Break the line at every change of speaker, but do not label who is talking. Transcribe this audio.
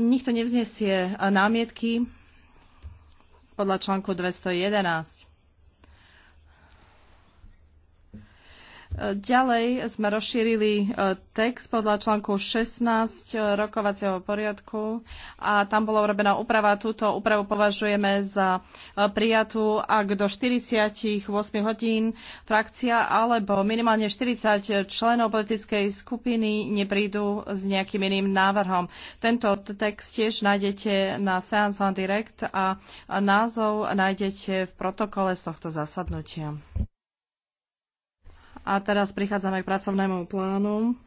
nikto nevznesie eh, námietky podľa článku 211. Ďalej sme rozšírili e, text podľa článku 16 e, rokovacieho poriadku a tam bola urobená úprava. Túto úpravu považujeme za e, prijatú, ak do 48 hodín frakcia alebo minimálne 40 členov politickej skupiny neprídu s nejakým iným návrhom. Tento text tiež nájdete na Seance on Direct a názov nájdete v protokole z tohto zasadnutia. A teraz prichádzame
k pracovnému plánu.